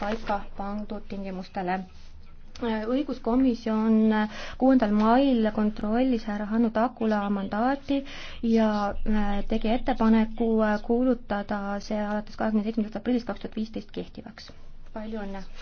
paika pandud tingimustele õiguskomisjon kuuendal mail kontrollis härra Hannu Takula mandaati ja äh, tegi ettepaneku äh, kuulutada see alates kahekümne seitsmendast aprillist kaks tuhat viisteist kehtivaks. palju õnne!